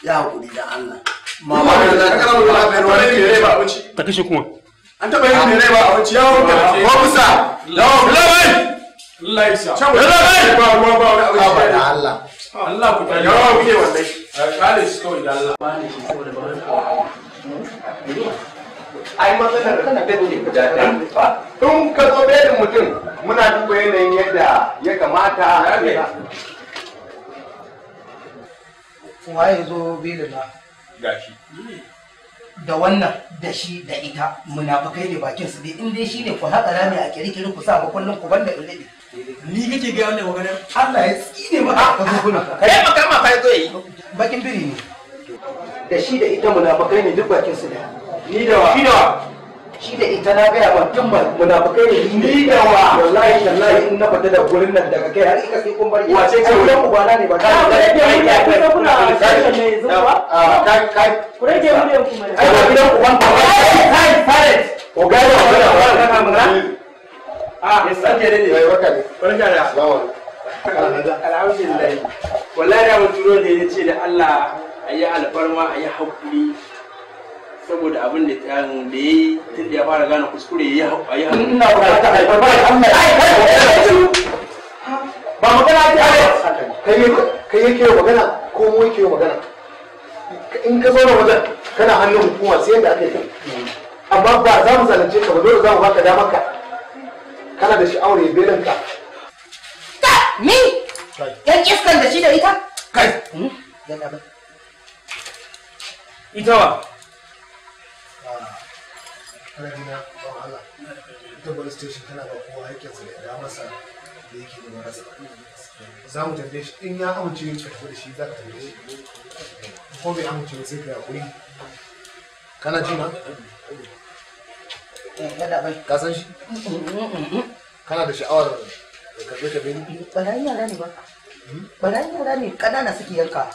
ya hakuri da Allah mama da za ta kawo ba wani ne ba ta kashe kuma an taɓa yin ne ba abinci ya hukunta ko musa lawa lawan Allah ya sa ba ruwa ba wani abinci da Allah Allah ku ta yawa shi kawai da Allah ba ne shi ba wani ai matsalar kana bedin guda ɗaya in ka zo bedin mutum muna duba yanayin yadda ya kamata waye zo belina gashi da wannan da shi da ita munafukai ne bakin su dai in dai shine ku haɗa rami a kiri ku sa ba kullum ku banda in ne ni kake ga wannan magana Allah ya tsine ma ka zo gurin kai ma kama fa zo yi bakin biri ne da shi da ita munafukai ne duk bakin su da ni da wa ni da wa shi da ita na gaya ma tun munafukai ne ni da wa wallahi in na fita da gurin nan daga kai har ika sai kun bar ya wace ce wurin ne ba da mun ya kai kuna sai ne zuwa ah, ku rage ai kai fare ko ga da wannan wannan kana mun ah ne wai waka ne alhamdulillah wallahi da mun turo ne yace da Allah ayi alfarma ayi hakuri saboda abin da ta da yayi tun da ya fara gane kuskure ya yi haƙuri ina bukata haifar ba Allah ai ba magana ta kai yi yake magana ko mu yake magana in ka zauna wajen kana hannun hukuma sai yadda aka yi amma ba za mu zalunce ka ba dole za mu baka damar ka kana da sha'awar ya belin ka ni yan iskan da shi da ita kai hmm? ita wa kana gina ban Allah ita police station tana ba kowa haƙƙinsa da ya masa da yake da marasa za mu tambaye shi in ya amince yin tafi da shi za ka tambaye shi ko bai amince sai ka yaƙuri kana ji na ka san shi kana da sha'awar da karɓe ka bai ni ɓarayin yara ne ba ɓarayin yara ne ƙanana suke yanka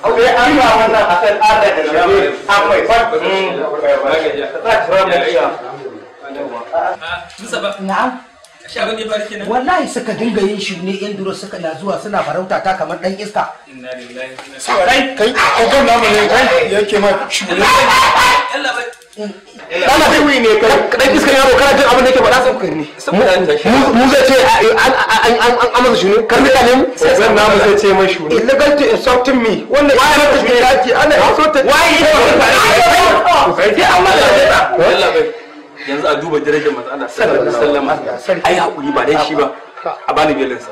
Oke, an ba wannan ada akwai fa. Musa Na'am. Ashe abin ya Wallahi suka dinga yin shi ne yan duro suka na zuwa suna farauta ta kamar dan iska. Inna lillahi. kai, ko ga ne kai yake ma shi. Allah bai. kana ce an masa kan namu Yanzu a duba darajar matsala sallallahu alaihi wasallam. hakuri ba dai shi ba. A bani belinsa.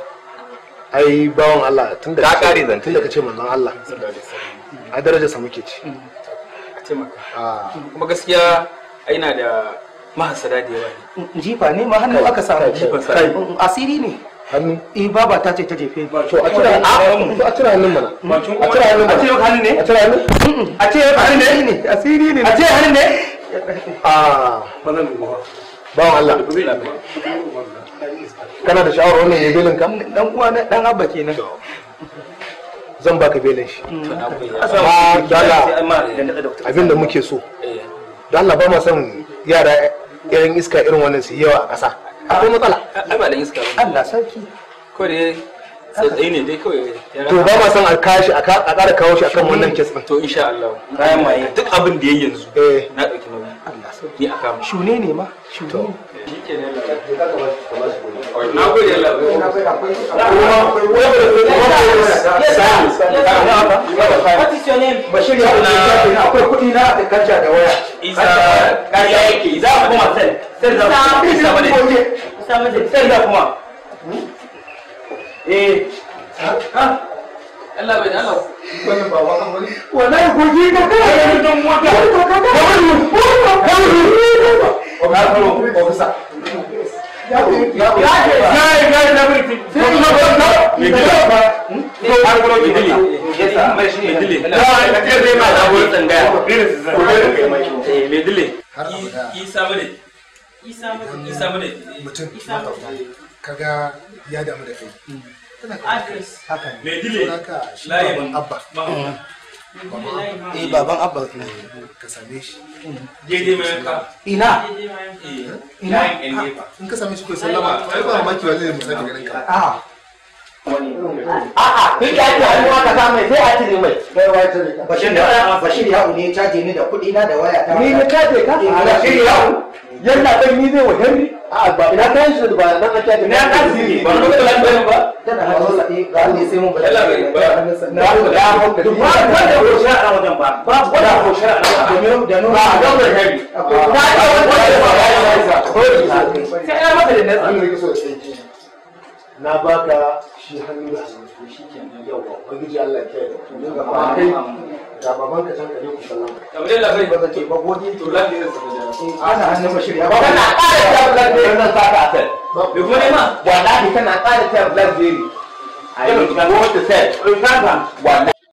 Ai bawan Allah tun da ka ce manzon Allah. A darajar sa muke ci. Mm. taimaka ah. kuma gaskiya da mahasada da yawa mm, mm, jifa ne ma hannu aka sa mm, asiri ne hannu eh baba ta ce ta jefe to a tura hannu a hannun mana a tura hannun mana a tura hannun ne a tura hannun a hannun ne asiri ne a ce hannun ne a bazan duba bawan Allah kana da sha'awar wannan yabilin ka dan uwa dan abba kenan zan baka belin shi amma dala abin da muke so eh. da Allah ba ma son yara irin iska irin wannan su yawa a ƙasa akwai matsala ai ba iska Allah sarki ko da tsatsai ne dai kawai to ba ma son a kashi a ƙara kawo shi akan mm. wannan kes din to insha Allah mm. kayan maye duk abin da yayi yanzu eh na dauki nauyi Allah sarki ni a kama shune ne ma shune eh, shikenan da ka ba shi na gode Allah what is your name bashir ya na akwai kudi na da kanta da waya isa kariya yake za ku kuma sai sai za ku isa bane isa bane sai za kuma da Allah wannan ba wannan wani wallahi goji ka kai da mota ka kai da wani mutum kaga ya damu da kai tana haka ne layin abba Iba bang apa? ina ina ah, ah. A'a, in ka yi hannuwa mai sai a cire mai. Bashir ya ne caje ni da kuɗi na da waya ta. Ni ka? Bashir ya yana ɗan ni zai wa henry a ba ina kayan shi ba nan ta ina ka ba ba sai ga sai mun bala ba da ba ba a wajen ba ba ba a ba ba ba ba ba ba na baka shi hannu da hannu shi ke nan yawa ubangiji Allah ya kiyaye to ba kai da ka san kaje ku sallama kamar bazan ke to lalle da eh, ana hannun kana ta ma kana ta ta